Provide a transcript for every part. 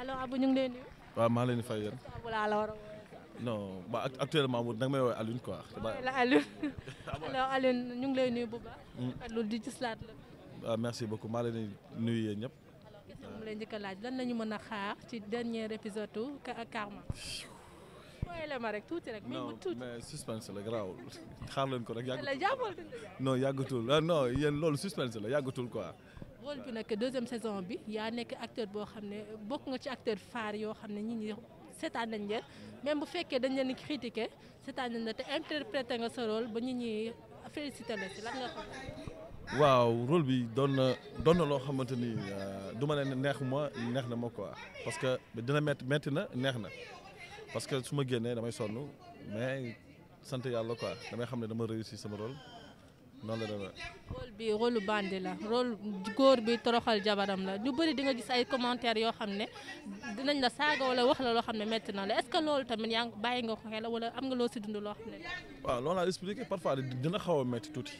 alors Abou ñu ngi lay nuyu. waaw maa leen fa fay yéen. non ba actuellement bu nag may woowee Alioune quoi. Ah, la ñu ngi lay nuyu bu baax. gis hmm. laat la. waaw merci beaucoup maa leen di nuyu njëkk laaj lan la mën a xaar ci dernier épisode Karma. waaye la ma rek tuuti rek. mais bu tuuti suspense la garaawul xaar leen ko rek. yàggatul la jàppal non yàggatul ah, non yéen loolu suspense la yàggatul quoi. rôle bi nag deuxième saison bi yaa nekk acteur boo xam ne bokk nga ci acteur phare yoo xam ne ñi ñi seetaan nañ leen même bu fekkee dañ leen critiqué seetaan nañ la te interprété nga sa rôle ba ñi ñi félicité la ci lan nga xam waaw rôle bi doon na doon na loo xamante ni euh, du ma ne neex ma neex na ma quoi parce que dina métti métti na neex na parce que su ma génnee damay sonn mais sant yàlla quoi damay xam ne dama réussir sama rôle noonu la demee. rôle bi rôle bandi la rôle góor bi toroxal jabaram la ñu bëri di nga gis ay commentaires yoo xam ne dinañ la saaga wala wax la loo xam ne métti na la est-ce que loolu tamit yaa ngi bàyyi nga ko xel wala am nga loo si dund loo xam ne. waaw loolu laa expliqué parfois dina xaw a métti tuuti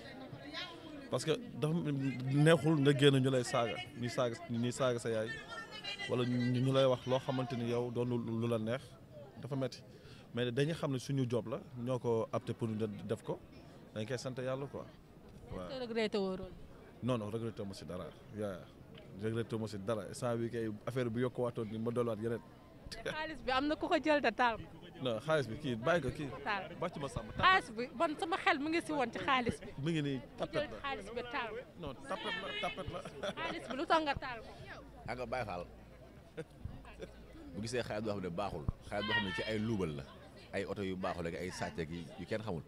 parce que dafa neexul nga génn ñu lay saaga ñuy saaga ñuy saaga sa yaay wala ñu lay wax loo xamante ni yow doon lu la neex dafa metti mais dañuy xam ne suñu joob la ñoo ko apte pour def ko dañ koy sant yàlla quoi. waaw est-ce que regretté woo non non regretté ma si dara yaa regretté ma si dara saa bi affaire bi yokkuwaatoon ni ma dolliwaat yeneen. xaalis bi am na ku ko jël taal ko. non xaalis bi kii bàyyi ko kii. taal ma sàmm. xaalis bi man sama xel mi ngi nii tapet la xaalis bi taal ko. non tapet la bu gisee xaalis boo xam ne baaxul xaalis boo xam ne ci ay luubal la ay oto yu baaxul ak ay sàcc kenn xamul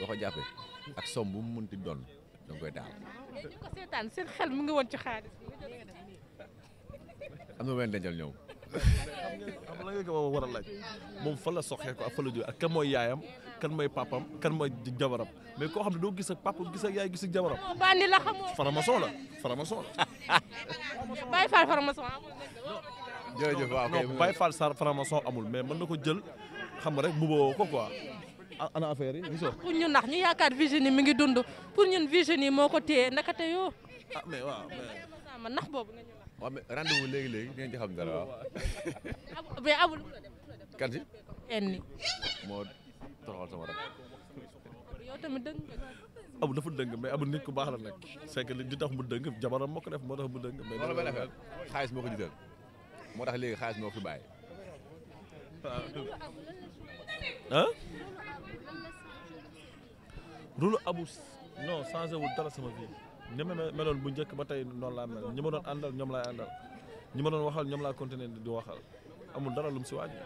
boo ko jàppee bu mu munti doon. da nga koy taal. ñu xel mu nga woon ci xaalis am na wenn dencal ñoom. xam war a moom fan la ko ak fan la jógee mooy yaayam kan mooy papam kan mooy jabaram mais koo xam ne doo gis ak gis ak yaay gis ak jabaram. bandi la xamoo faramason la faramason la. Baye Fall faramason amul. jërëjëf waaw amul mais mën na ko jël xam nga rek mu booboo ko quoi. Ah, ana affaire yi. pour ñu nax ñu yaakaar Virginie mi ngi dund pour ñun Virginie moo ko téye naka te yoo. ah mais waaw mais nax boobu nga ñu nax. waaw mais rendez-vous léegi léegi dinañ ci xam dara waaw. mais abul. kan enni. moo toroxal sama rakk. yow tamit dëng abul dafa dëng mais abul nit ku baax la nag c'est que li tax mu dëng jabaram moo ko def moo tax mu dëng. mais loolu xaalis moo ko jiital moo tax léegi xaalis moo ko fi rôle Abou non changé wul dara sama vie ni ma meloon bu njëkk ba tey noonu laa mel ñi ma doon àndal ñoom laay àndal ñi ma doon waxal ñoom laa continuer di waxal amul dara lu mu si wàññi